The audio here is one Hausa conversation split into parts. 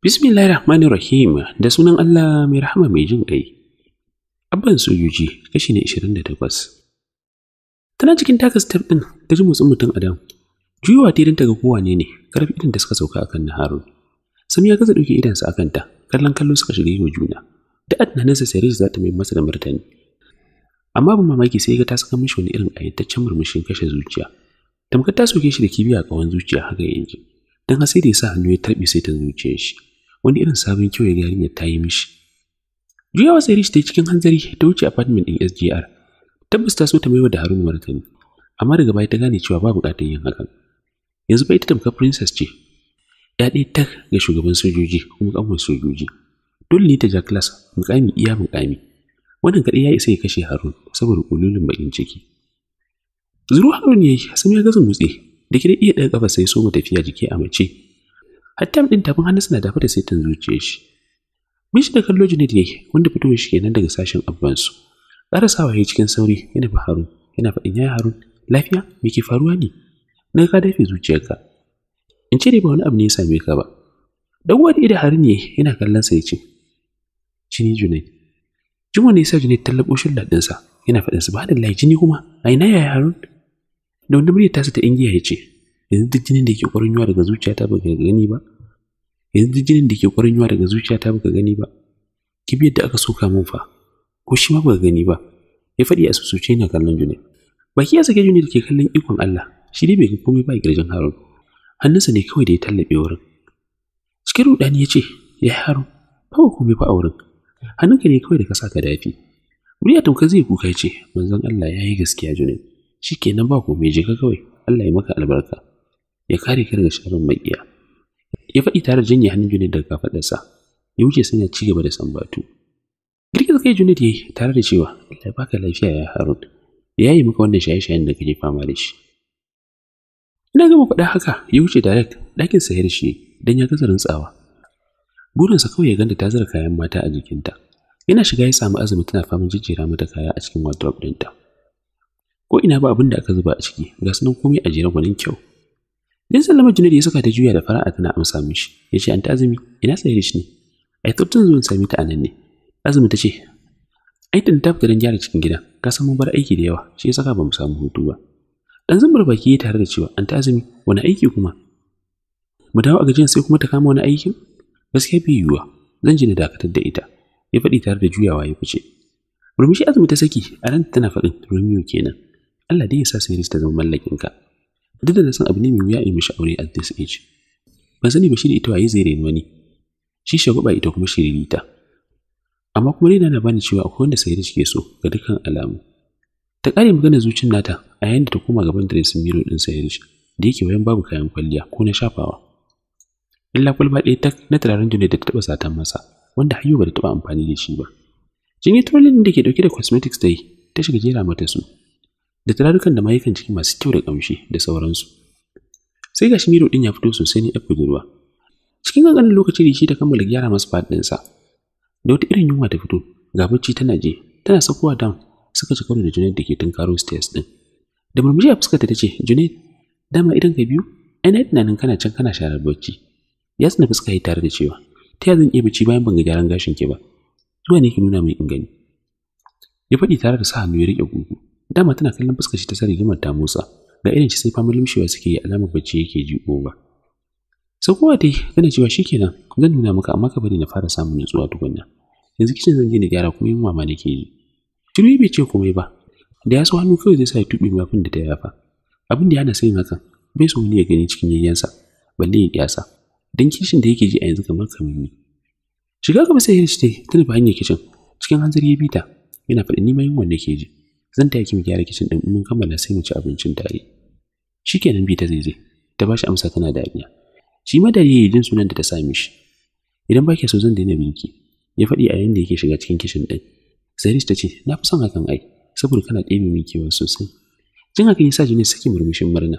Bismillahirrahmanirrahim Rahima, da sunan Allah mai rahama mai jin ƙai. Abban sojoji kashi ne 28. Tana cikin taka step ɗin ta ji motsin mutum Adam. Juyowa ta idan ta ga kowa ne ne, karfi idan da suka sauka akan na Harun. Sami ya gaza ɗauke idansa a kanta, kallon kallo suka shiga yi wa juna. Da adnanansa Saris za ta mai masa da martani. amma ban mamaki sai ga ta saka mishi wani irin ayyataccen murmushin kashe zuciya tamkar ta soke shi da kibiya a kawan zuciya haka yanzu don ha sai da ya sa hannu ya tarbi sai ta zuciyar shi wani irin sabon kyau ya na ta yi mishi juyawa sai rishi ta yi cikin hanzari ta wuce apartment din SGR tabbas ta so ta maiwa da Harun martani amma daga baya ta gane cewa ba buƙatar yin hakan yanzu fa ita tamkar princess ce ya ɗaya tak ga shugaban sojoji kuma kanwar sojoji dole ne ta ja class mukami iya mukami wannan kaɗai ya isa ya kashe harun saboda kululin bakin ciki zuru harun ya yi sun ya gaza mutse da kira iya ɗaga ƙafa sai soma tafiya jiki a mace hatta ɗin tafin hannu suna dafa da saitin zuciyar shi shi da kallo Junaid yayi wanda fitowar shi kenan daga sashen abbansu. Karasawa yayi cikin sauri yana ba Harun, yana faɗin yayi Harun, lafiya me ke faruwa ne? Na ka dafe zuciyarka. In ce dai ba wani abu ne ya same ka ba. Dan wani idan Harun ne yana kallon sa ya shi ne Junaid, jin wani sa jini tallabo shulla sa yana faɗin lai jini kuma a ina ya Harun da wanda ta tasa ta ingiya ya ce yanzu duk jinin da ke ƙwarin yuwa daga ta baka gani ba yanzu duk jinin da ke ƙwarin yuwa daga ta baka gani ba Ki bi yadda aka soka min fa ko shi ma baka gani ba ya faɗi a susuce yana kallon jini baki ya sake da ke kallon ikon Allah shi dai bai ga komai ba girjin Harun hannunsa ne kawai da ya tallabe wurin cikin rudani ya ce ya Harun ba komai fa a wurin hannunka ne kawai da ka saka dafi murya tamkar zai kuka ce manzon Allah ya yi gaskiya junin nan ba komai je ka kawai Allah ya maka albarka ya kare ka daga sharrin maƙiya. ya faɗi tare da janye hannun junin daga sa. ya wuce suna ci gaba da sambatu girgiza kai junin ya yi tare da cewa Allah ya baka lafiya ya harun ya yi maka wannan shaye-shayen da kake fama da shi ina gama faɗa haka ya wuce direct ɗakin sayar shi don ya gaza rantsawa burinsa kawai ya ganda ta zara kayan mata a jikinta Yana shiga ya samu azumi tana faman jijjira mata kaya a cikin wardrobe dinta. Ko ina ba abin da aka zuba a ciki, ga sunan komai a jere gwanin kyau. Dan sallama Junaidu ya saka ta juya da fara'a tana amsa mishi. Ya ce, Anta azumi, ina sai da shi ne. Ai, tsabtan zuwan sami ta a nan ne. Azumi ta ce, Ai, tun ta fita don gyara cikin gida, ka san mun bar aiki da yawa, shi ya saka ba mu samu hutu ba. Dan zambar baki ya tare da cewa, an ta azumi, wani aiki kuma? Mu dawo a gajiyan sai kuma ta kama wani aikin? Gaskiya bai yiwuwa, zan ji na dakatar da ita. ya faɗi tare da juyawa ya fice murmushi azumi ta saki a nan tana faɗin romeo kenan allah dai ya sa sai ta zama mallakin ka duk da na san abu ne mai wuya yi mishi aure at this age ban sani ba shi da ita waye zai reni wani shi shagwaba ita kuma ta amma kuma rina na bani cewa akwai wanda sayar ke so ga dukkan alamu ta ƙare magana zucin nata a yayin da ta koma gaban diresin miro ɗin sayar da yake wayan babu kayan kwalliya ko na shafawa illa kwalba ɗaya tak na turaren duniya da ta taɓa satan masa wanda hayo ba ta taɓa amfani da shi ba. Janye tolin da ke dauke da cosmetics ta ta shiga jera mata su da tarukan da mayukan ciki masu kyau da kamshi da sauransu. Sai gashi miro din ya fito sosai ne ya budurwa. Cikin kankanin lokaci da shi ta kammala gyara masa sa Da wata irin yunwa ta fito ga bacci tana je tana sakuwa down suka ci karo da Junet da ke tunkaro stairs ɗin. Da murmushi a fuskarta ta ce "Junet, dama idan ka biyu ai na tunanin kana can kana sharar bacci. Ya tsina fuska yi tare da cewa ta zan iya bacci bayan ban ga gyaran gashin ki ba zuwa ne ki nuna mai in gani ya faɗi tare da sa hannu ya riƙe gugu dama tana kallon fuskar shi ta sa rigimar ta motsa ga irin shi sai famin limshewa suke yi alamar bacci yake ji ba sai kowa dai kana cewa shikenan zan nuna maka amma ka bari na fara samun nutsuwa tukunna yanzu kicin zan je na gyara kuma yin mama nake yi Shiru bai ce komai ba, da ya so hannu kawai zai sa ya tuɓe mafin da ta yafa. Abin da yana sayin hakan, bai so ni ya gani cikin yayyansa, balle ya kiyasa don kishin da yake ji a yanzu kamar kamar Shiga gaba sai Hirish ta ta hanyar kishin, cikin hanzari ya bita, yana faɗin nima yin wanda ke ji. Zan taya ki mu gyara kishin ɗin mun kammala sai mu ci abincin tare. Shi kenan bita zai zai, ta ba shi amsa tana dariya. Shi ma dariya ya jin sunan da ta sa shi Idan ba so zan daina binki, ya faɗi a yanda da yake shiga cikin kishin ɗin. Zairish ta ce, na fi son hakan ai, saboda kana ɗebe min kewa sosai. Jin hakan ya sa saki murmushin murna.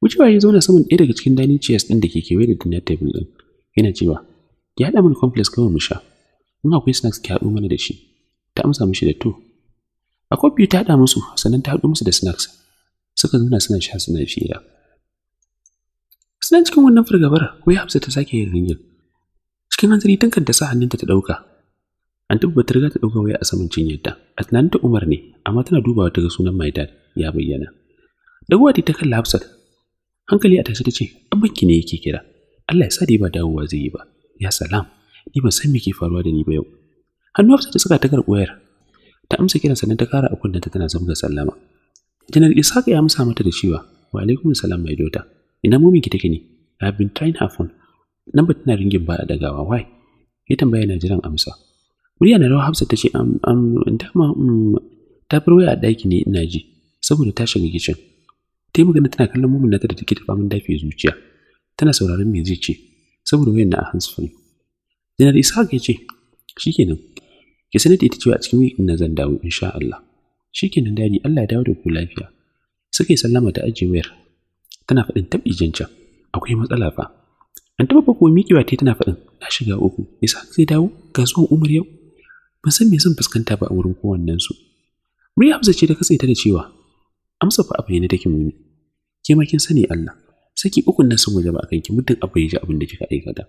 Wucewa ya zauna saman ɗaya daga cikin dining chairs ɗin da ke kewaye da dinner table ɗin. Yana cewa, "Ki haɗa mana complex kawai mu sha. In akwai snacks ki haɗo mana da shi." Ta amsa mishi da to. A kofi ta haɗa musu, sannan ta haɗo musu da snacks. Suka zauna suna sha suna fiya. Suna cikin wannan fargabar, wai Hafsa ta sake yin ringin. Cikin hanzari tankar da sa hannunta ta ɗauka. An tabbata riga ta ɗauka waya a saman cinyarta. A tunanin ta Umar ne, amma tana dubawa ta ga sunan mai dad ya bayyana. Dagwati ta kalla Hafsat hankali a tashi ta ce ki ne yake kira Allah ya sadi ba dawowa zai yi ba ya salam ni ban san me ke faruwa da ni ba yau hannu hafsa ta saka ta karɓoyar ta amsa kiran sannan ta kara a kunnenta tana zamga sallama janar Isaka ya amsa mata da cewa wa alaikum salam mai dota ina mumin ki take ne i have been trying her phone number tana ringin ba da gawa. Wai. ya tambaya na jiran amsa murya na rawa hafsa ta ce am am dama mm, ta furwaya waya a ɗaki ne ina ji saboda ta shiga kicin ta yi magana tana kallon mumin nata da take tafa faman dafi zuciya tana sauraron me zai ce saboda wayan na a handsfree dinar ishaq ya ce shikenan ki sanar da ita cewa a cikin week na zan dawo insha Allah shikenan dadi Allah ya dawo da ku lafiya suka yi sallama ta ajiye wayar tana faɗin tabi jancan akwai matsala fa an taɓa ba kuwa miƙewa ta tana faɗin na shiga uku isa zai dawo ga zuwan umar yau ban san me zan fuskanta ba a wurin kowannen su muri hafsa ce ta katse ta da cewa amsa fa abu ne take muni ke ma kin sani Allah saki ukun nan sun waje ba akan ki muddin abu ya ji abin da kika aikata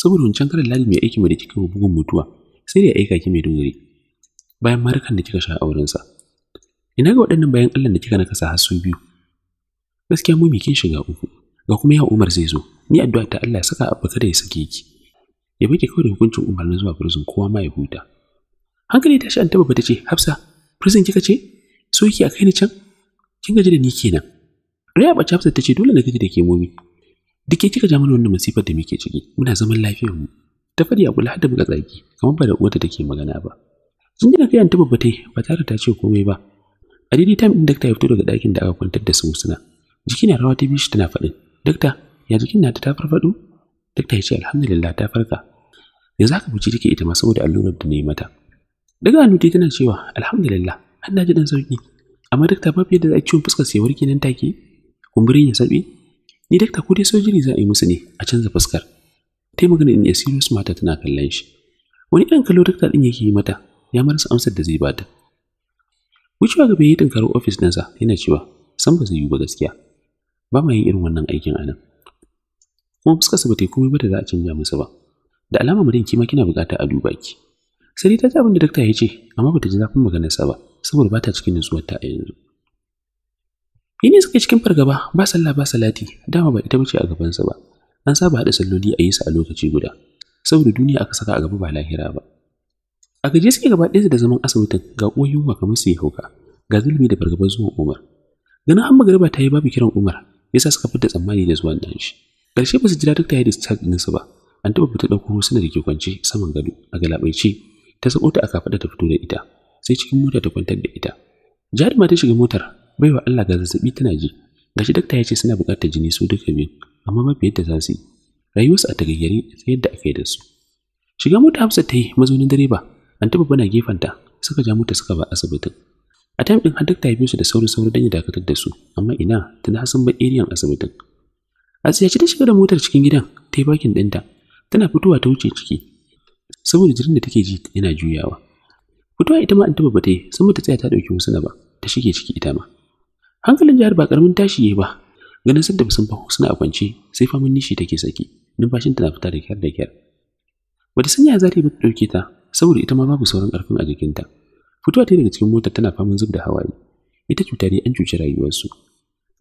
saboda wancan karin lali mai aiki mai da kika bugun mutuwa sai da ya aika ki mai dogari bayan marukan da kika sha auren sa ina ga waɗannan bayan Allah da kika nakasa har su biyu gaskiya mu kin shiga uku ga kuma ya Umar zai zo ni addu'a ta Allah saka abu kada ya sake ki ya baki kawai da hukuncin umarnin zuwa prison kowa ma ya huta hankali ta shi an taba ta ce hafsa prison kika ce so a kai ni can kin gaji da ni kenan Raya bace hafsa ta ce dole na gaji da ke momi duk kika ja mana wannan masifar da muke ciki muna zaman lafiyar mu ta fadi a kula da muka tsaki kamar ba da uwarta take magana ba sun gina kai an babbatai ba tare ta ce komai ba a daidai time din dakta ya fito daga ɗakin da aka kwantar da su musuna jiki na rawa ta bishi tana faɗin doctor ya jikin nata ta farfado doctor ya ce alhamdulillah ta farka yanzu haka buci take ita ma saboda allurar da na yi mata daga hannu tana cewa alhamdulillah har na ji dan sauki amma dakta babu yadda za a ciwon fuskar sai warke nan take kumburin ya sabe ni dakta ko dai sojiri za a yi musu ne a canza fuskar ta yi magana in ya serious mata tana kallon shi wani irin kallo dakta din yake yi mata ya marasa amsar da zai bata wucewa gaba ya yi tunkarar ofis nasa yana cewa san ba zai yi ba gaskiya ba ma yin irin wannan aikin a nan kuma fuskarsa ba ta yi komai ba da za a canja masa ba da alama marin kima kina bukata a duba ki sai ta ji abin da dakta ya ce amma bata ji zafin maganarsa ba saboda ba ta cikin ta a yanzu. Yini suke cikin fargaba ba sallah ba salati dama ba ita bace a gabansa ba. An saba haɗa salloli a yi su a lokaci guda saboda duniya aka saka a gaba ba lahira ba. A gaje suke gaba ɗaya da zaman asibitin ga ƙoyin wa kamar su yi hauka ga zulmi da fargabar zuwan Umar. Ganin an magariba ta yi babu kiran Umar yasa suka fita tsammani da zuwan dan shi. Ƙarshe ba su jira duk ta yi discharge ɗinsu ba an taba fita ɗauko suna da ke saman gado a galabaice ta sako ta aka faɗa ta fito da ita sai cikin mota ta kwantar da ita jarima ta shiga motar baiwa Allah ga zazzabi tana ji gashi dakta ya ce suna buƙatar jini su duka biyu amma mafi yadda za su yi rayuwarsu a tagayyare sai yadda aka yi da su shiga mota Hafsat ta yi mazaunin direba an taɓa bana gefenta suka ja mota suka ba asibitin a time ɗin har dakta ya biyo su da sauri sauri don ya dakatar da su amma ina tana hasan ba eriyan asibitin a tsiyaci ta shiga da motar cikin gidan ta yi bakin ɗinta tana fitowa ta wuce ciki saboda jirin da take ji yana juyawa fitowa ita ma antuma ba ta yi sun ta tsaya ta ɗauki husna ba ta shige ciki ita ma hankalin jihar ba karamin tashi ya ba ganin sun tafi sun fa husna a kwance sai famin nishi take saki numfashin tana fita da kyar da kyar bata sanya za ta yi ba ta ɗauke ta saboda ita ma babu sauran ƙarfin a jikinta fitowa ta daga cikin motar tana famin zub da hawaye ita cuta ne an cuci rayuwarsu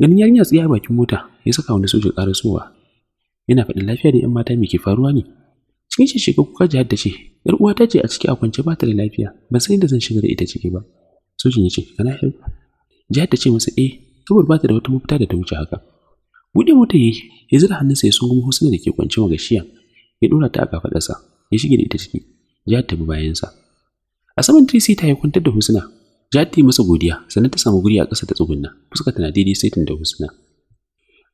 ganin yarinya tsaye a bakin mota ya saka wani soja karasowa. yana faɗin lafiya da 'yan mata me ke faruwa ne cikin shi shiga kuka jihar da shi? yar uwa ta ce a ciki a kwance ba ta da lafiya ban san yadda zan shiga da ita ciki ba sojin ya ce kana shi jihar ta ce masa eh saboda ba ta da wata mafita da ta wuce haka buɗe mota yayi ya zira hannunsa ya sungumo hosuna da ke kwance gashiya ya dora ta a kafaɗarsa ya shige da ita ciki jihar ta bi bayansa a saman trisita ta ya kwantar da husna jihar ta yi masa godiya sannan ta samu guri a ƙasa ta tsugunna fuska tana daidai saitin da husna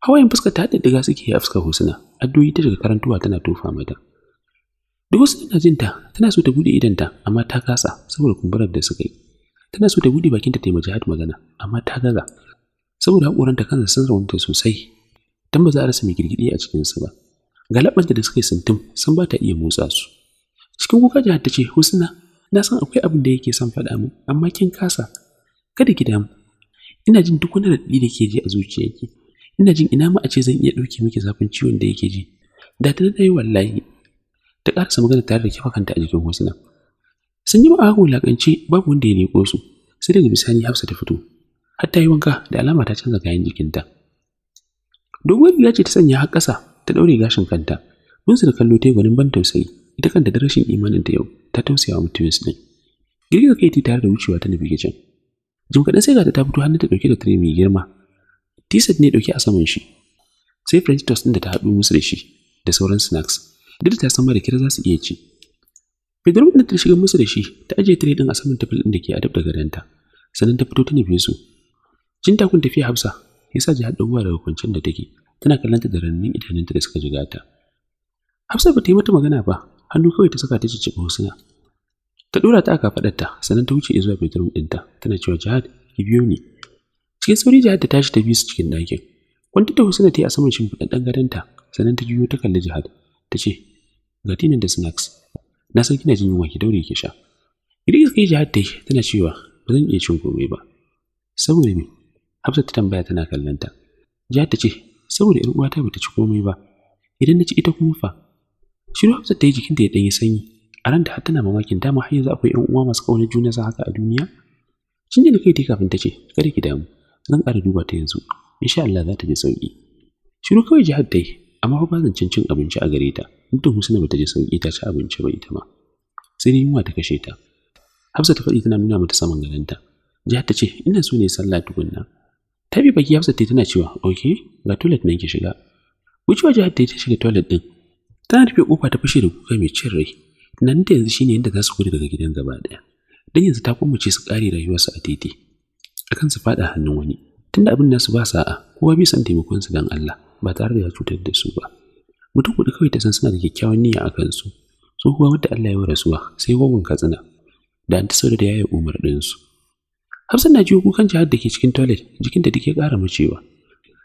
hawayen fuska ta haɗaɗɗiga suke a fuskar husna addu'o'i ta daga karantuwa tana tofa mata duk wasu tana jin ta tana so ta bude idanta amma ta kasa saboda kumburar da suka yi tana so ta bude bakinta ta yi magana amma ta gaza saboda ta kansa sun raunta sosai dan ba za a rasa mai girgidi a cikinsu ba galabanta da suka yi sintim sun ba ta iya motsa su cikin kuka jihar ta ce husna na san akwai abin da yake son faɗa min amma kin kasa kada ki damu ina jin duk wani raɗaɗi da ke ji a zuciyarki ina jin ina ma a ce zan iya ɗauke miki zafin ciwon da yake ji da ta dai wallahi ta ƙarasa magana tare da kifa kanta a jikin hosuna sun yi ma'ago lakance babu wanda ya leƙo su sai daga bisani hafsa ta fito har ta yi wanka da alama ta canza kayan jikinta doguwar riga ce ta sanya har ƙasa ta ɗaure gashin kanta mun su da kallo ta yi gwanin ban tausayi ita kanta da rashin imanin ta yau ta tausaya wa mutumin su ɗin girgiza kai tare da wucewa ta nufi kicin jim kaɗan sai ga ta fito hannu ta ɗauke da tire mai girma t-shirt ne ɗauke a saman shi sai french toast ɗin da ta haɗu musu da shi da sauran snacks duk ta san da kira za su iya ci bidiyon da ta shiga musu da shi ta ajiye tire din a saman tafil din da ke adab da gadanta sannan ta fito ta nufi su jin takun tafiya hafsa ya sa jihar ɗan daga kwancen da take tana kallanta da rannin idanunta da suka jiga ta hafsa ba ta yi mata magana ba hannu kawai ta saka ta cikin husna ta ɗora ta aka ta, sannan ta wuce zuwa bedroom ɗinta tana cewa jihad ki biyo ni cikin sauri jihad ta tashi ta biyu su cikin ɗakin Kwantar da husna ta yi a saman shimfiɗaɗɗen gadanta sannan ta juyo ta kalli jihad ta ce ga tinin da snacks na san kina jin yunwa ki daure ki sha Idris kai jihar ta tana cewa ba zan iya cin komai ba saboda me Hafsat ta tambaya tana kallon ta jihar ta ce saboda ƴar uwata bata ci komai ba idan na ci ita kuma fa shiru Hafsat ta yi jikinta ya danyi sanyi a da har tana mamakin dama har yanzu akwai ƴan uwa masu kauna juna sa haka a duniya shin da kai ta kafin ta ce kada ki damu zan ƙara duba ta yanzu insha Allah za ta ji sauki shiru kawai jihar ta amma ba zancen cin abinci a gare ta muddin husna bata je sauki ita ce abinci ba ita ma sai dai yunwa ta kashe ta hafsa ta faɗi tana nuna mata saman gadonta jihar ta ce ina so ne sallah tukunna ta bi baki hafsa ta tana cewa ok ga toilet nan ki shiga wucewa jihar ta ta shiga toilet din tana rufe kofa ta fashe da kuka mai cin rai nan ta yanzu shine yadda za su gudu daga gidan gaba ɗaya dan yanzu ta ce su kare rayuwarsu a titi akan su faɗa hannun wani tunda abin nasu ba sa'a kowa bai san taimakon su dan Allah ba tare da ya cutar da su ba mutum kuɗi kawai ta san suna da kyakkyawan niyya a kansu tsohuwa wanda Allah ya wa rasuwa sai wawan katsina da an ta sau da yaya umar su hafsan na jiwo kukan jihar da ke cikin toilet jikin da ya ƙara macewa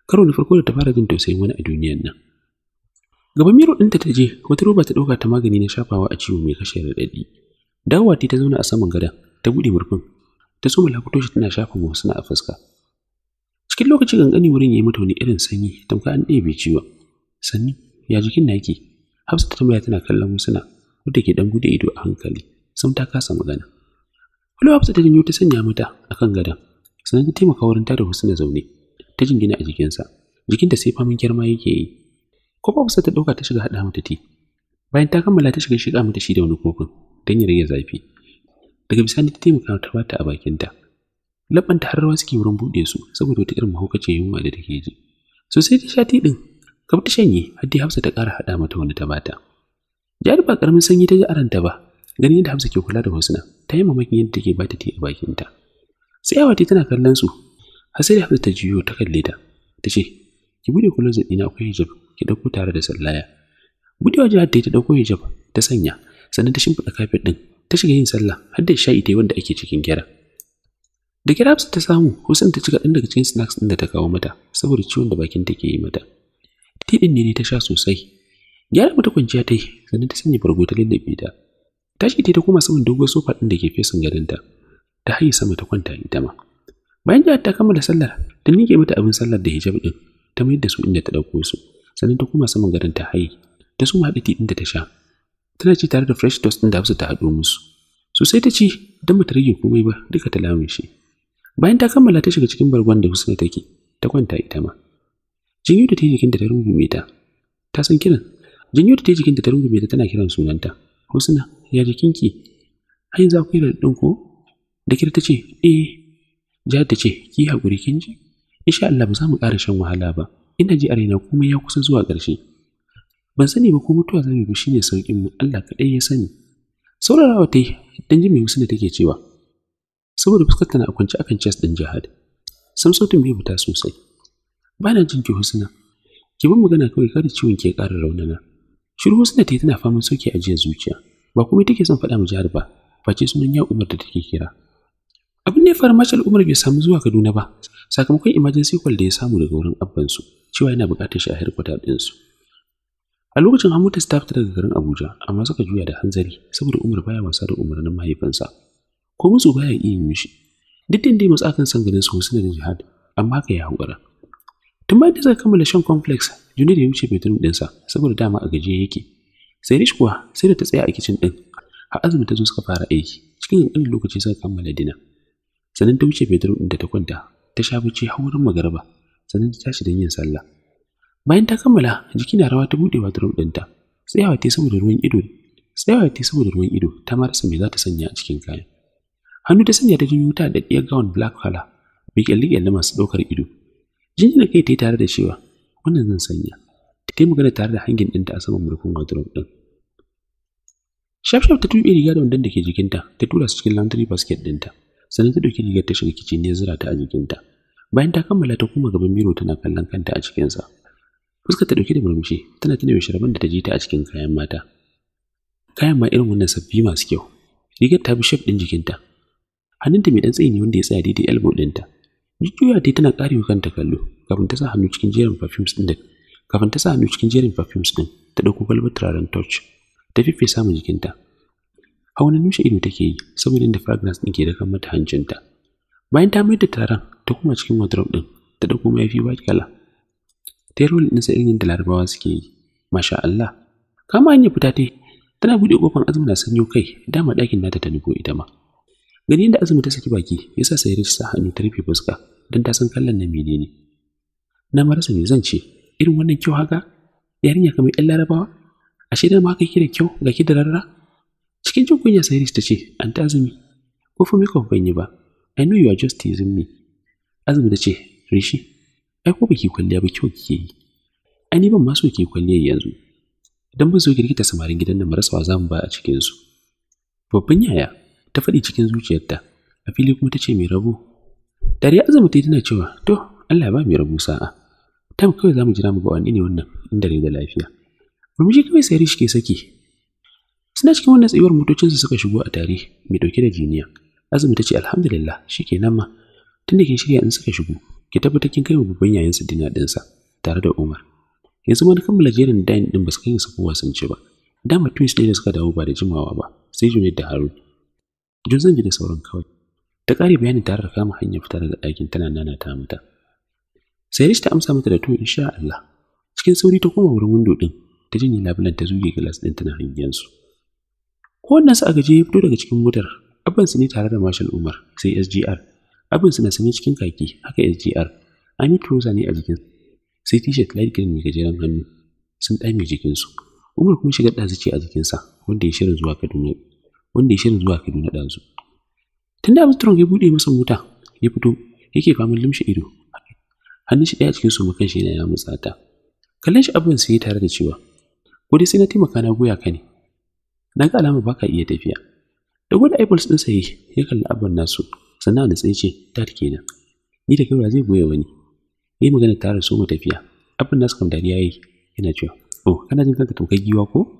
karo na farko da ta fara jin tausayin wani a duniyan nan gaban miro ɗinta ta je wata roba ta ɗauka ta magani na shafawa a ciwo mai kashe raɗaɗi dawowa ta zauna a saman gadon ta buɗe murfin ta so malakuto tana shafa masu na a fuska cikin lokaci gangani wurin ya yi mata wani irin sanyi tamka an ɗebe ciwon sannu ya jikin na yake hafsa ta tambaya tana kallon musuna wadda ke dan bude ido a hankali sun ta kasa magana wani hafsa ta janyo ta sanya mata akan gadon sannan ta taimaka wurin tada husna zaune ta jingina a jikinsa jikinta sai famin girma yake yi ko hafsa ta ɗauka ta shiga haɗa mata ti bayan ta kammala ta shiga shiga mata shi da wani kofin don ya rage zafi daga bisani ta taimaka ta bata a bakinta labban ta har rawa suke wurin buɗe su saboda wata irin ce yunwa da take ji sosai ta sha tiɗin kafta ta shanye har dai hafsa ta ƙara haɗa mata wani ta bata jari ba ƙaramin sanyi ta ji a ba ganin yadda hafsa ke kula da husna ta yi mamakin yadda take bata ti a bakinta Sai ta tana kallon su har sai hafsa ta jiyo ta kalle ta ta ce ki buɗe kulon zaɗi na akwai hijab ki ɗauko tare da sallaya buɗewa jihar ta ta ɗauko hijab ta sanya sannan ta shimfiɗa kafet ɗin ta shiga yin sallah har da sha'i ta wanda ake cikin gyara da kira ta samu san ta cika ɗan daga cikin snacks ɗin da ta kawo mata saboda ciwon da bakin take yi mata. Tiɗin ne ta sha sosai. Gyara mata kwanciya ta yi sannan ta sanya bargo ta lallabe ta. Tashi ta kuma saman dogon sofa ɗin da ke fesin gadonta. Ta haye sama ta kwanta ita ma. Bayan jihar ta kammala sallar, ta nike mata abin sallar da hijab ɗin, ta mayar da su inda ta ɗauko su, sannan ta kuma saman gadon ta haye. Ta suma haɗa tiɗin da ta sha. Tana ci tare da fresh toast ɗin da Hafsa ta haɗo musu. Sosai ta ci don ba ta rage komai ba duka ta lamun shi. Bayan ta kammala ta shiga cikin bargon da Husna take, ta kwanta ita ma. Jinyu da ta yi jikinta ta rungume ta. Ta san kiran. Jinyu da ta jikinta ta rungume ta tana kiran sunanta. Husna, ya jikinki? Har yanzu akwai raɗaɗin ko? Da kira ta ce, eh. Jihar ta ce, ki haƙuri kin ji? Insha Allah ba za mu ƙara shan wahala ba. Ina ji a kuma ya kusa zuwa ƙarshe. Ban sani ba ko mutuwa zai yi ba shine sauƙin mu Allah kaɗai ya sani. Saurarawa ta yi, don ji mai Husna take cewa, saboda fuskar tana kwance akan chest din Jihad. Sam sautin bai fita sosai. Ba na jin ki Husna. Ki bin magana kawai kada ciwon ke ƙara raunana. Shiru Husna ta tana faman soke a zuciya. Ba kuma take son faɗa mu Jihad ba. Face sunan ya Umar da take kira. Abin ne fara Marshal Umar bai samu zuwa Kaduna ba sakamakon emergency call da ya samu daga wurin abbansu cewa yana buƙatar shi a headquarter ɗinsu. A lokacin staff ta daga garin Abuja amma suka juya da hanzari saboda Umar baya wasa da umarnin mahaifinsa. ko musu baya iya yi mishi duk da dai matsakan san ganin su suna da jihad amma ka ya haƙura tun bayan da zai kammala shan complex juni da ya wuce fetur ɗinsa saboda dama a gajiya yake sai rish kuwa sai da ta tsaya a kicin ɗin har azumi ta zo suka fara aiki cikin ƙanƙanin lokaci sai kammala dina sannan ta wuce fetur ɗin da ta kwanta ta sha bacci har wurin magaraba sannan ta tashi don yin sallah bayan ta kammala jiki na rawa ta buɗe wardrobe ɗinta tsayawa ta saboda ruwan ido tsayawa ta saboda ruwan ido ta marasa me za ta sanya a cikin kayan hannu ta sanya ta janyo wuta da ɗiyar gawon black color mai kyalle-kyalle masu ɗaukar ido jinjina kai ta yi tare da cewa wannan zan sanya ta kai magana tare da hangin ɗinta a saman murfin wardrobe ɗin shaf shaf ta tuɓe riga da wandon da ke jikinta ta tura su cikin laundry basket ɗinta sannan ta ɗauki rigar ta shiga kicin ne zura ta a jikinta bayan ta kammala ta koma gaban miro tana kallon kanta a cikinsa fuskar ta ɗauke da murmushi tana tuna yaushe rabon da ta ji ta a cikin kayan mata kayan ma irin wannan sabbi masu kyau rigar ta bi shaf ɗin jikinta hannunta mai dan tsayi ne wanda ya tsaya daidai elbow dinta jujjuya dai tana karewa kanta kallo kafin ta sa hannu cikin jerin perfumes din kafin ta sa hannu cikin jerin perfumes ɗin ta ɗauko balbal turaren torch ta fife samun jikinta A wani nushe ido take yi saboda inda fragrance ɗin ke da kan mata hancinta bayan ta mayar da turaren ta kuma cikin wardrobe ɗin ta ɗauko mayafi white kala ta yi rolin ɗinsa irin da larabawa suke yi masha Allah kama hanyar fita ta tana buɗe kofar azumi na sanyo kai dama ɗakin nata ta nufo ita ma Gani da azumi ta saki baki ya sa sai sa hannu ta rufe fuska don ta san kallon nan menene. Na marasa me zan ce irin wannan kyau haka yarinya kamar 'yan larabawa ashe da ma kai da kyau ga ki da rarra cikin jin kunya sai ta ce an ta azumi ko fa miko ban yi ba i know you are just teasing me azumi ta ce rishi ai ko baki kwalliya ba kyau kike yi ai ni ban ma so ke kwalliya yanzu ba so zo ta samarin gidan nan marasa za mu ba a cikin su babban yaya ta faɗi cikin zuciyarta a fili kuma ta ce mai rabo dariya azumi ta tana cewa to Allah ba mai rabo sa'a tam kawai za mu jira mu ga wani ne wannan inda dare da lafiya murmushi kawai sai shi ke saki suna cikin wannan tsayuwar motocinsu suka shigo a tare mai ɗauke da jiniya azumi ta ce alhamdulillah shi nan ma tunda kin shirya in suka shigo ki tabbatar kin kai wa babban yayin su dina ɗinsa tare da Umar yanzu ma na kammala jerin dain din ba su kai su kowa sun ci ba dama twist ne da suka dawo ba da jimawa ba sai Junaid da Harun duk zan ji da sauran kawai ta ƙare bayanin tare da kama hanyar fita daga ɗakin tana nana ta mata sai rish ta amsa mata da to insha Allah cikin sauri ta koma wurin windo ɗin ta jini labulan ta zuge glass ɗin tana hangen su wannan su a gaje ya fito daga cikin motar abban su ne tare da Marshal Umar sai SGR abin su na sanye cikin kaki haka SGR an yi trouser ne a jikin sai t-shirt light green mai gajeren hannu sun ɗame jikinsu umar kuma shigar ce a jikinsa wanda ya shirin zuwa kaduna wanda ya shirin zuwa Kaduna ɗansu. Tun da Armstrong ya buɗe masa mota ya fito yake faman limshe ido. Hannun shi ɗaya cikin su kan shi yana ya mutsa ta. Kallon shi abin sai tare da cewa, ko dai sai na taimaka na goya ka ne. Na ga alama ka iya tafiya. Da gwada eyeballs ɗin sayi ya kalli abin nasu sannan da tsaye ce ta take nan. Ni da kai zai goya wani. Yi magana tare da su ma tafiya. Abin nasu kam dariya yi, yana cewa, "Oh, kana jin kanka tokar giwa ko?"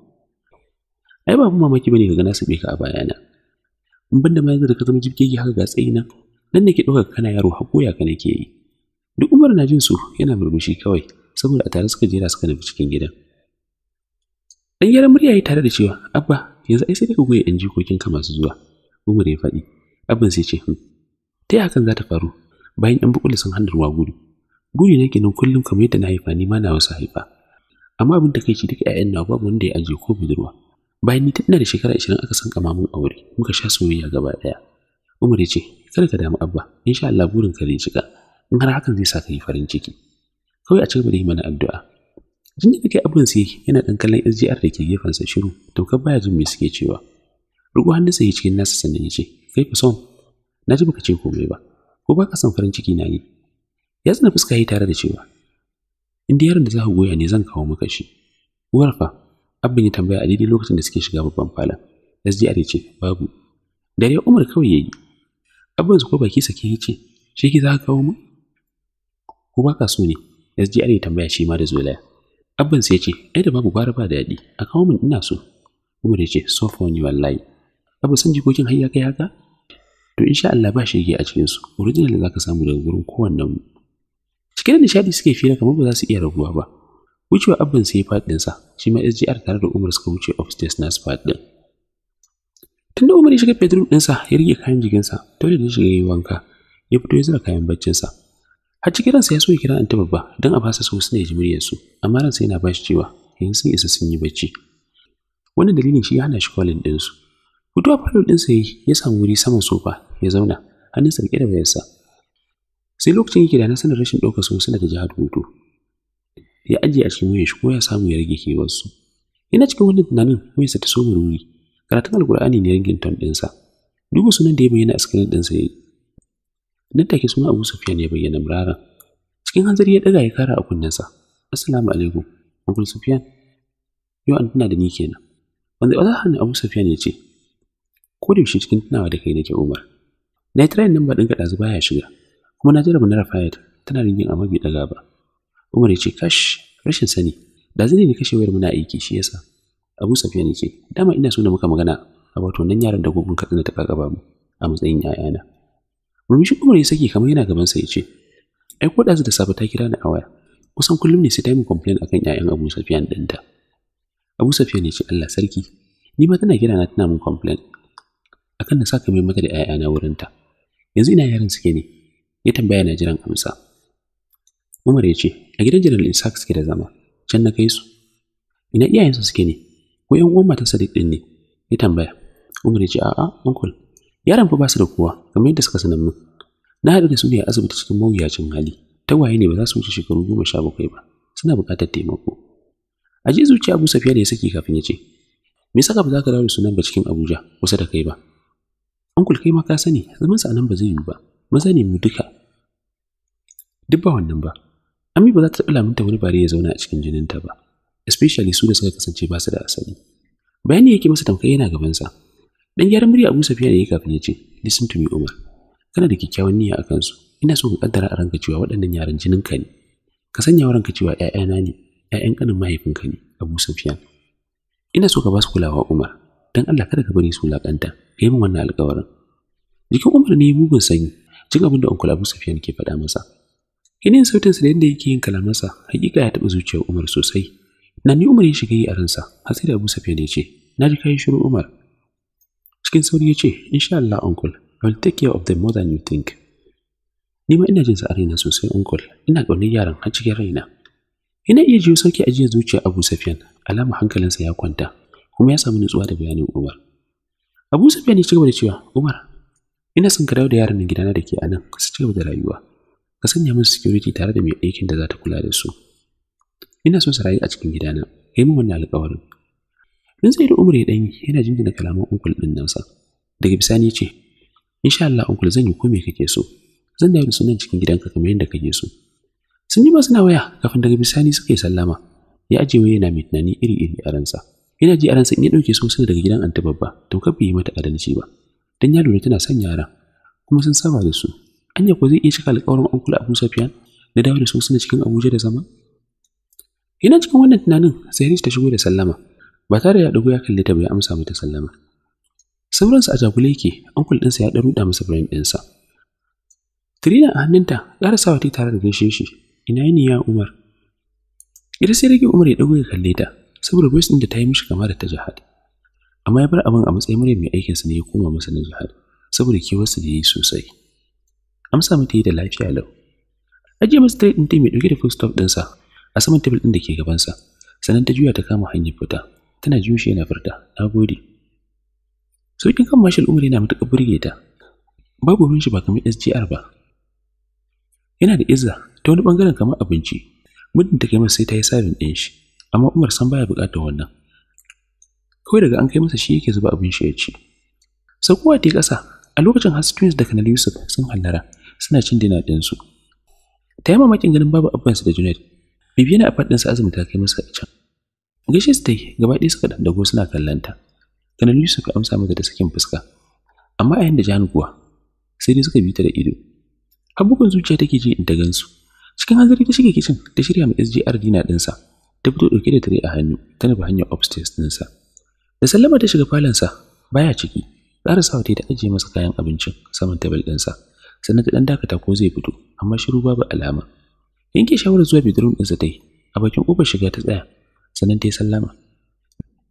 ai ba mamaki bane kaga na sabe ka a bayana in banda mai yanzu da ka zama jibgege haka ga tsayi na dan nake dauka kana yaro ya ka nake yi duk umar na jin su yana murmushi kawai saboda a tare suka jera suka nufi cikin gidan dan yaran murya yi tare da cewa abba yanzu ai sai ka goye ɗan jikokin ka masu zuwa umar ya faɗi abban sai ce hmm, ta yi hakan za ta faru bayan yan bukulu sun hana ruwa gudu gudu na kenan kullum kamar yadda na haifa ni ma na wasu haifa amma abin takaici duka 'ya'yan na babu wanda ya ajiye ko budurwa bayan ni tana da shekara 20 aka san kamamun aure muka sha soyayya gaba ɗaya umar yace, ce kada ka damu abba insha Allah burin ka zai cika in har hakan zai sa ka yi farin ciki kawai a ci gaba da yi mana addu'a jin da kake abin sai yana dan kallon SGR da ke sa shiru to kan baya jin me suke cewa rugu sa yi cikin nasa sannan ya ce kai fa son na ji baka ce komai ba ko baka son farin ciki na ni ya zana fuska yi tare da cewa in da yaron za ku goya ne zan kawo maka shi uwar abin ya tambaya a daidai lokacin da suke shiga babban falon sdr ya ce babu dare umar kawai ya yi abin su ko baki sake ya ce shi ki za ka kawo mu ko ba ka so ne sdr ya tambaya shi ma da zolaya abin sai ya ce ai da babu gwara ba yadi, a kawo min ina so umar ya ce so for ni wallahi abu san jikokin har ya kai haka to insha Allah ba ke a cikin su original da zaka samu daga gurin kowannen mu cikin nishadi suke fira kamar ba za su iya rabuwa ba Wucewa abin sai faɗinsa, shi ma SGR tare da Umar suka wuce upstairs na spad ɗin. Tunda Umar ya shiga bedroom ɗinsa ya rike kayan jikinsa, dole da ya shiga yi wanka, ya fito ya zura kayan baccinsa. Har sa ya so ya kira Anta babba don a fasa so suna ji muryarsu, amma ransa yana bashi cewa yanzu sun isa sun yi bacci. Wannan dalilin shi ya hana shi kwalin ɗinsu. Fitowa falo ɗinsa ya samu wuri saman sofa ya zauna, hannunsa riƙe da bayansa sai lokacin yake da na sanar rashin ɗaukar su suna da jihar hutu ya ajiye a cikin wayarshi ko ya samu ya rage kewarsu Ina cikin wannan tunanin wayarsa ta soma ruri karatun alkur'ani ne yankin ton ɗinsa duk sunan da ya bayyana a sikirin ɗinsa ya yi nan take suna abu sufiyan ya bayyana muraran cikin hanzari ya ɗaga ya kara a kunnensa assalamu alaikum Abu sufiyan yau an tuna da ni kenan wanda ba za abu sufiyan ya ce ko da cikin tunawa da kai nake umar na nan ba ɗin baya shiga kuma na jarraba na rafayat tana ringin amma bai ɗaga ba Umar ya ce kash rashin sani da zai ne kashe wayar muna aiki shi yasa Abu Safiyan yake dama ina so na muka magana a wato nan yaran da gogon katsina ta kakaba mu a matsayin yayana Murmushi Umar ya saki kamar yana gaban sa ya ce ai ko da da safe ta kira ni a waya kusan kullum ne sai ta yi complain akan yayan Abu Safiyan ɗinta Abu Safiyan yace ce Allah sarki ni ma tana kira na tana mun complain akan na saka mai mata da 'ya'yana ta. yanzu ina yaran suke ne ya tambaya na jiran amsa Umar ya ce, a gidan Jalal Isaac suke da zama, can na kai su. Ina iyayensu suke ne, ko ‘yan uwan mata Sadiq ɗin ne, ya tambaya. Umar ya ce, a'a, uncle, yaran fa ba su da kowa, kamar yadda suka sanar min. Na haɗu da su ne a asibiti cikin mawuyacin hali, tagwaye ne ba za su wuce shekaru goma sha bakwai ba, suna buƙatar taimako. A ji zuciya Abu Safiya ne ya saki kafin ya ce, me saka ba za ka dawo da sunan ba cikin Abuja kusa da kai ba? Uncle kai ma ka sani, zaman sa nan ba zai yiwu ba, maza ne mu duka. Duk ba wannan ba, Ami ba za ta taɓa lamunta wani bare ya zauna a cikin jininta ba, especially su da suka kasance ba su da asali. Bayani yake masa tamkai yana gabansa. Dan gyaran murya Abu Safiya yi kafin ya ce, "Listen to me, Umar. Kana da kyakkyawan niyya a kansu. Ina so ka kaddara a ranka cewa waɗannan yaran jininka ne. Ka sanya wa ranka cewa ‘ya'yana ne, ‘ya'yan ƙanin mahaifinka ne, Abu Safiya. Ina so ka ba su kulawa, Umar. Dan Allah kada ka bari su laƙanta. Ka yi min wannan alƙawarin. Jikin Umar ne mugun sanyi, jin abin da Uncle Abu Safiya ke faɗa masa. Yanayin sautinsa da yadda yake yin kalamansa hakika ya taɓa zuciyar Umar sosai. Na ni Umar ya shiga yi a ransa har sai da Abu Safiyan ya ce, Na ji kayi shiru Umar. Cikin sauri ya ce, Insha Allah uncle, I will take care of them more than you think. Ni ma ina jin sa a raina sosai uncle, ina ƙaunar yaran har cikin raina. Ina iya jiyo sauki a jiya zuciyar Abu Safiyan, alama hankalinsa ya kwanta, kuma ya samu nutsuwa da bayanin Umar. Abu Safiyan ya ci gaba da cewa, Umar, ina son ka dawo da yaran nan gidana da ke a nan su ci gaba da rayuwa. ka sanya min security tare da mai aikin da za ta kula da su ina son sarayi a cikin gidana kai min wannan alƙawarin dan sai da umar ya dan yana jinjina kalaman uncle din nasa daga bisani ce insha Allah uncle zan yi ko me kake so zan dawo da sunan cikin gidanka kamar yadda kake so sun yi masu na waya kafin daga bisani suka yi sallama ya aje waya yana mai tunani iri-iri a ransa yana ji a ransa in ya dauke su sai daga gidan anta babba to ka yi mata adalci ba dan ya lura tana son yara kuma sun saba da su anya ko zai iya cika alƙawarin uncle Abu Sufyan da dawo da su suna cikin Abuja da zama ina cikin wannan tunanin sai Rich ta shigo da sallama ba tare da dago ya kalle ta ba ya amsa mata sallama sauransu a jagule yake uncle ɗinsa ya ɗaruɗa masa din ɗinsa Trina a hannunta sa ta tare da gaishe shi ina yini ya Umar ita sai rage Umar ya dago ya kalle ta saboda voice ɗin da ta yi mishi kamar da ta jihad amma ya bar abin a matsayin murya mai aikinsa ne ya koma masa na jihad saboda kewarsa da ya yi sosai amsa mata yi da lafiya lau ajiye masa tray ɗin ta mai ɗauke da full stop ɗinsa a saman table ɗin da ke gabansa sannan ta juya ta kama hanyar fita tana juyo shi yana furta na gode sauƙin kan marshal umar yana matuƙar burge ta babu ruwan shi ba kamar sgr ba yana da izza ta wani ɓangaren kamar abinci muddin ta kai masa sai ta yi sabin ɗin shi amma umar san baya buƙatar wannan kawai daga an kai masa shi yake zuba abin shi ya ci. Saukowa ta ƙasa a lokacin Haskins da Kanal Yusuf sun hallara suna cin dina ɗinsu. Ta yi mamakin ganin babu abbansu da Junaid, Bibi yana a faɗinsa azumi ta kai masa can. gashi su ta yi gaba ɗaya suka dandago suna kallonta. Ganin suka amsa mata da sakin fuska. Amma a yanda Jihar kuwa sai dai suka bi ta da ido. bugun zuciya take ji in ta gansu. Cikin hanzari ta shiga kicin ta shirya ma SGR dina ɗinsa. Ta fito ɗauke da tare a hannu ta nufa hanyar upstairs ɗinsa. Da sallama ta shiga falonsa baya ciki. Tsara sawa ta ajiye masa kayan abincin saman tebul ɗinsa. sannan ta ɗan dakata ko zai fito amma shiru babu alama yanke shawarar zuwa bedroom ɗinsa ta yi a bakin ƙofar shiga ta tsaya sannan ta yi sallama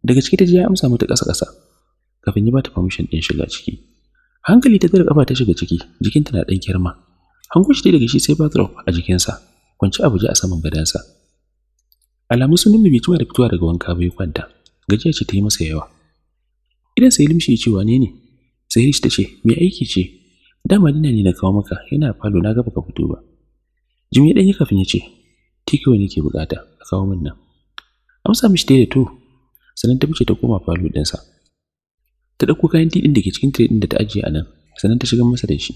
daga ciki ta ji ya amsa mata ƙasa-ƙasa kafin ya bata permission ɗin shiga ciki hankali ta dare ƙafa ta shiga ciki jikinta na ɗan kirma hango shi daga shi sai bathroom a jikinsa kwanci a buje a saman sa. alamu sun nuna bai da fitowa daga wanka bai kwanta gajiya ce ta yi masa yawa idan sai limshi ya ce wane ne sai ta ce mai aiki ce dama dina ne na kawo maka yana falo na gaba ka fito ba jimi ya yaka kafin ya ce tiki wani ke bukata a kawo min nan amsa mishi da to sannan ta fice ta koma falo ɗinsa ta ɗauko kayan tiɗin da ke cikin tire ɗin da ta ajiye a nan sannan ta shiga masa da shi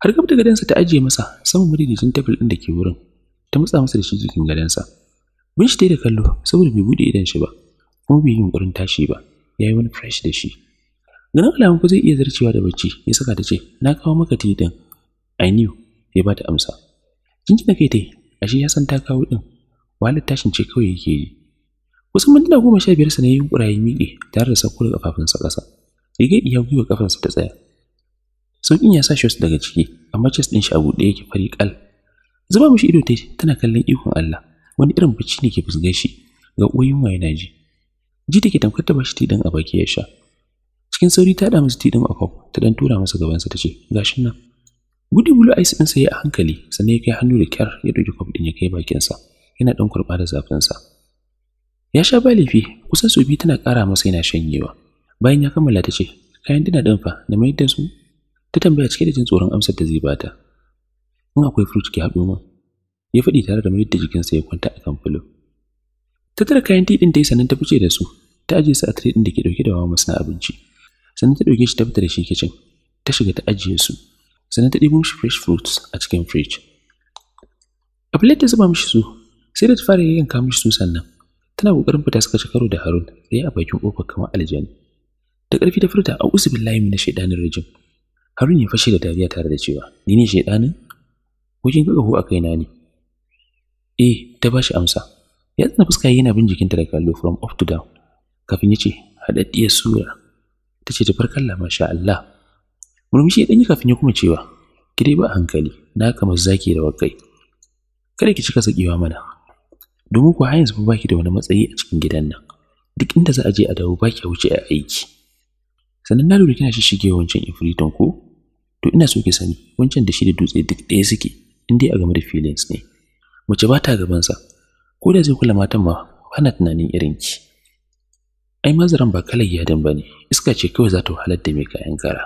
har gab da sa ta ajiye masa saman madidicin tafil ɗin da ke wurin ta matsa masa da shi jikin sa Mun shi da kallo saboda bai buɗe idan shi ba kuma bai yi yunƙurin tashi ba yayi wani fresh da shi ganin alamun fa zai iya zarcewa da bacci ya saka ta ce na kawo maka tea din i knew ya ba ta amsa jinjina kai tai ashe ya san ta kawo din wahalar tashin ce kawai yake yi kusan mintuna goma sha biyar sanayi yunkura ya miƙe tare da sakkuwar kafafunsa ƙasa rigar iya gwiwa ƙafarsa ta tsaya sauƙin ya sa shorts daga ciki amma chest din shi a buɗe yake fari ƙal zuba mishi ido tai tana kallon ikon Allah wani irin bacci ne ke fusgar shi ga uwa yunwa yana ji ji take tamkar ta bashi tidan a baki ya sha cikin sauri ta da masa tidin a ta dan tura masa gabansa ta ce gashin nan gudu bulu ice din sa ya a hankali sannan ya kai hannu da kyar ya dauki kwaf din ya kai bakin sa yana dan kurba da zafin sa ya sha ba laifi kusan su biyu tana kara masa yana shanyewa bayan ya kammala ta ce kayan dina din fa na mai da su ta tambaya cike da jin tsoron amsar da zai bata in akwai fruit ki haɗo min ya faɗi tare da mayar da jikinsa ya kwanta a filo ta tara kayan tiɗin dai sannan ta fice da su ta aje su a tire ɗin da ke ɗauke da wawa masu abinci sannan ta ɗauke shi ta fita da shi kicin ta shiga ta ajiye su sannan ta ɗibo mishi fresh fruits a cikin fridge a plate ta zuba mishi su sai da ta fara yanka mishi su sannan tana kokarin fita suka ci karo da harun tsaye a bakin kofar kamar aljani da ƙarfi ta furta a usu billahi na shaidanin rajim harun ya fashe da dariya tare da cewa ni ne shaidanin kin kaga ko a kaina ne eh ta bashi amsa ya tsina fuska yana bin jikinta da kallo from up to down kafin ya ce haɗaɗɗiyar sura ta ce tafar kalla masha Allah murmushi dan ɗanyi kafin ya kuma cewa ki dai ba hankali na kamar zaki da wakai kada ki cika sakewa mana domin ku hayan su ba baki da wani matsayi a cikin gidan nan duk inda za a je a dawo baki a wuce a aiki sannan na lura kina shi shige wancan ifriton ko to ina so ki sani wancan da shi da dutse duk ɗaya suke in dai a game da feelings ne mace bata ta gabansa ko da zai kula matan ma ba na tunanin irinki ai mazaran ba kalar yadin ba ne iska ce kawai za ta wahalar da mai kayan kara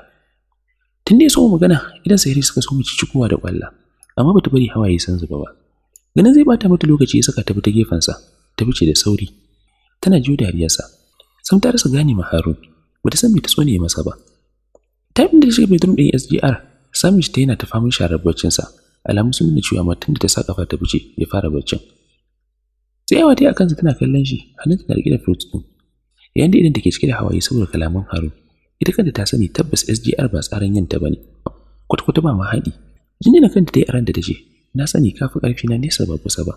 tun da ya so magana idan sayari suka so mu ci kowa da kwalla amma bata bari hawaye san zuba ba ganin zai bata mata lokaci ya saka ta bi ta gefensa ta fice da sauri tana jiyo dariyarsa sam ta rasa gane ma harun bata san me ta tsone masa ba Ta taifin da shiga bedroom ɗin sgr samun shi ta yana ta famin sharar barcinsa, alamun sun nuna cewa matan da ta sa kafa ta fice ya fara baccin sai ta yi a kansa tana kallon shi hannunta na riƙe da fruit din yayin da idan take cike da hawaye saboda kalaman Harun ita kanta ta sani tabbas SGR ba tsaron yin ta bane kwatkwata ba mahadi haɗi na kanta ta yi aran da ta na sani kafi karfi na nesa ba kusa ba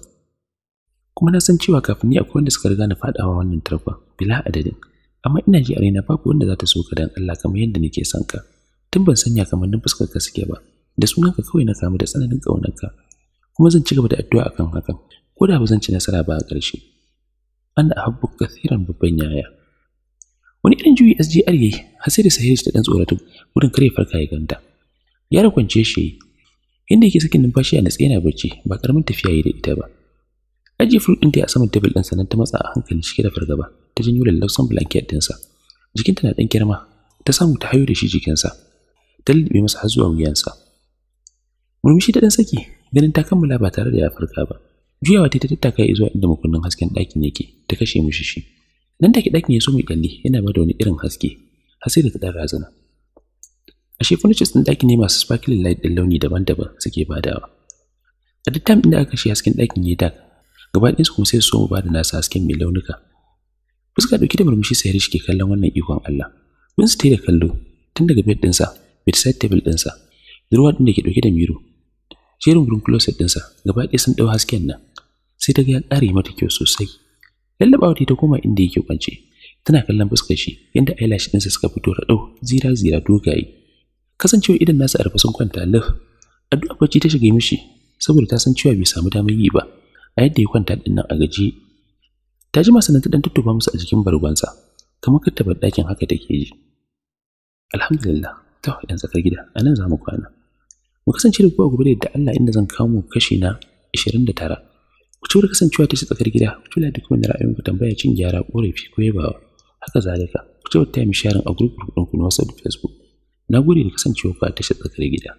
kuma na san cewa kafin ni akwai wanda suka riga na faɗawa wannan tarkon bila adadin amma ina ji a raina babu wanda za ta so ka dan Allah kamar yadda nake son ka tun ban sanya kamar nan fuskar ka suke ba da sunanka kawai na kamu da tsananin ka kuma zan ci gaba da addu'a akan hakan ko da ba zan ci nasara ba a ƙarshe ana habbu kasiran babban yaya wani irin juyi SGR yayi har sai da Sahil ta dan tsoratu gudun kare farka ya ganta ya kwance shi inda yake sakin numfashi a natsaye yana bacci ba karamin tafiya yi da ita ba aji fruit din ta a saman table din sanan ta matsa a hankali cike da fargaba ta janyo lallausan blanket dinsa jikinta na dan girma ta samu ta hayo da shi jikinsa ta lulluɓe masa har zuwa wuyansa murmushi ta dan saki ganin ta kammala ba tare da ya farka ba juyawa ta tattaka zuwa inda makunnin hasken ɗakin yake ta kashe mishi shi nan take ɗakin ya so mai kyalli yana ba da wani irin haske har sai da ta ɗan razana ashe furnitures ɗin ɗaki ne masu sparkling light ɗin launi daban-daban suke badawa a duk time inda aka kashe hasken ɗakin ya dark gaba ɗinsu su kuma sai su so mu ba da nasa hasken mai launuka fuska ɗauki da murmushi sai ke kallon wannan ikon Allah mun su da kallo tun daga bed ɗinsa side table ɗinsa ruwa ɗin da ke ɗauke da miro jerin gurin closet ɗinsa gaba ɗaya sun ɗau hasken nan sai ta ga ya ƙare mata kyau sosai lallabawa ta koma inda yake kwance tana kallon fuskar shi yadda eyelash ɗinsa suka fito raɗau zira zira dogaye kasancewa idan nasa arfa sun kwanta lif addu'a bacci ta shiga mishi saboda ta san cewa bai samu damar yi ba a yadda ya kwanta ɗin nan a gaji ta jima sanar ta ɗan tuttuba musu a jikin barbansa kamar kattabar ɗakin haka take ji alhamdulillah to yan tsakar gida a nan za mu kwana mu kasance da kuwa gobe da Allah inda zan kawo kamo kashi na da tara. ku ci kasancewa ta tsakar gida ku tula duk wanda ra'ayinku tambaya cin gyara korafi ko yaba haka zalika ku ci wata misharin a group group ɗinku na WhatsApp da Facebook na gode da kasancewa ku a tsakar gida